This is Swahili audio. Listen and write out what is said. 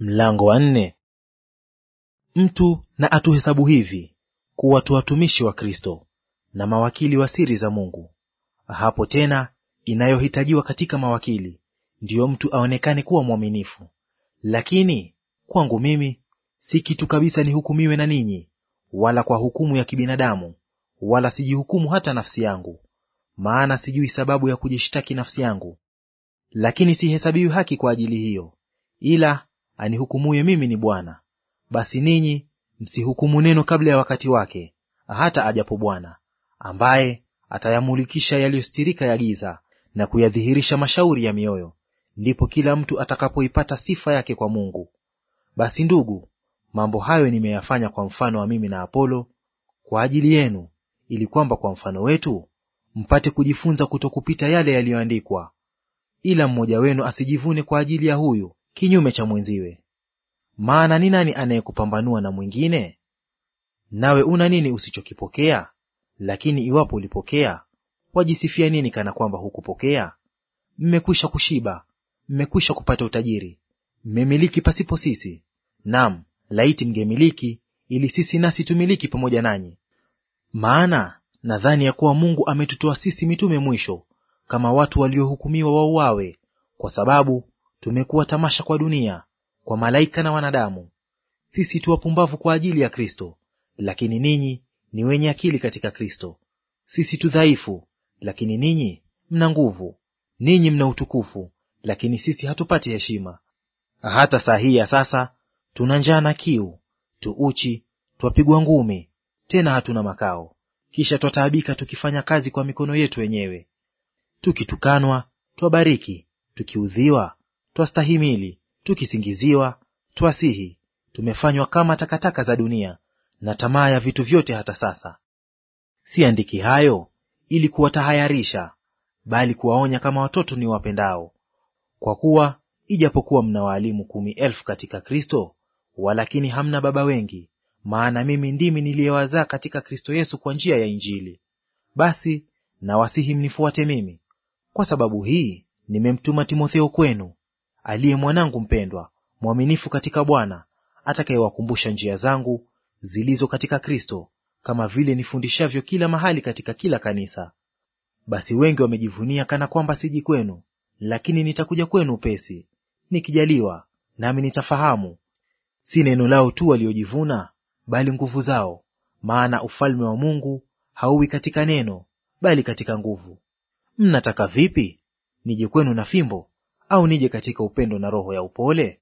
Mlango wa nne. Mtu na atuhesabu hivi kuwa tu watumishi wa Kristo na mawakili wa siri za Mungu. Hapo tena inayohitajiwa katika mawakili ndiyo mtu aonekane kuwa mwaminifu. Lakini kwangu mimi si kitu kabisa nihukumiwe na ninyi, wala kwa hukumu ya kibinadamu, wala sijihukumu hata nafsi yangu, maana sijui sababu ya kujishtaki nafsi yangu, lakini sihesabiwi haki kwa ajili hiyo, ila anihukumuye mimi ni Bwana. Basi ninyi msihukumu neno kabla ya wakati wake, hata ajapo Bwana, ambaye atayamulikisha yaliyostirika ya giza na kuyadhihirisha mashauri ya mioyo, ndipo kila mtu atakapoipata sifa yake kwa Mungu. Basi ndugu, mambo hayo nimeyafanya kwa mfano wa mimi na Apolo kwa ajili yenu, ili kwamba kwa mfano wetu mpate kujifunza kutokupita yale yaliyoandikwa, ila mmoja wenu asijivune kwa ajili ya huyu kinyume cha mwenziwe. Maana ni nani anayekupambanua na mwingine? Nawe una nini usichokipokea? Lakini iwapo ulipokea, wajisifia nini kana kwamba hukupokea? Mmekwisha kushiba, mmekwisha kupata utajiri, mmemiliki pasipo sisi. Naam, laiti mngemiliki, ili sisi nasi tumiliki pamoja nanyi. Maana nadhani ya kuwa Mungu ametutoa sisi mitume mwisho, kama watu waliohukumiwa wauawe, kwa sababu Tumekuwa tamasha kwa dunia, kwa malaika na wanadamu. Sisi tu wapumbavu kwa ajili ya Kristo, lakini ninyi ni wenye akili katika Kristo. Sisi tu dhaifu, lakini ninyi mna nguvu. Ninyi mna utukufu, lakini sisi hatupati heshima. Hata saa hii ya sasa tuna njaa na kiu, tuuchi twapigwa ngumi, tena hatuna makao; kisha twataabika tukifanya kazi kwa mikono yetu wenyewe. Tukitukanwa twabariki, tukiudhiwa twastahimili, tukisingiziwa, twasihi, tumefanywa kama takataka za dunia, na tamaa ya vitu vyote hata sasa. Siandiki hayo ili kuwatahayarisha, bali kuwaonya kama watoto ni wapendao. Kwa kuwa ijapokuwa mna waalimu kumi elfu katika Kristo, walakini hamna baba wengi, maana mimi ndimi niliyewazaa katika Kristo Yesu kwa njia ya Injili. Basi nawasihi mnifuate mimi. Kwa sababu hii nimemtuma Timotheo kwenu, aliye mwanangu mpendwa, mwaminifu katika Bwana, atakayewakumbusha njia zangu zilizo katika Kristo, kama vile nifundishavyo kila mahali katika kila kanisa. Basi wengi wamejivunia kana kwamba siji kwenu, lakini nitakuja kwenu upesi, nikijaliwa, nami nitafahamu, si neno lao tu waliojivuna, bali nguvu zao. Maana ufalme wa Mungu hauwi katika neno, bali katika nguvu. Mnataka vipi nije kwenu na fimbo au nije katika upendo na roho ya upole?